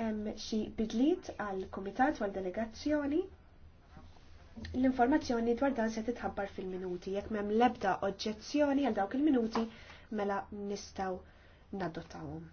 hemm xi bidliet għal kumitat għal delegazzjoni. L-informazzjoni dwar dan se titħabbar fil-minuti. Jekk m'hemm l-ebda oġġezzjoni għal dawk il-minuti mela nistgħu nadottawhom.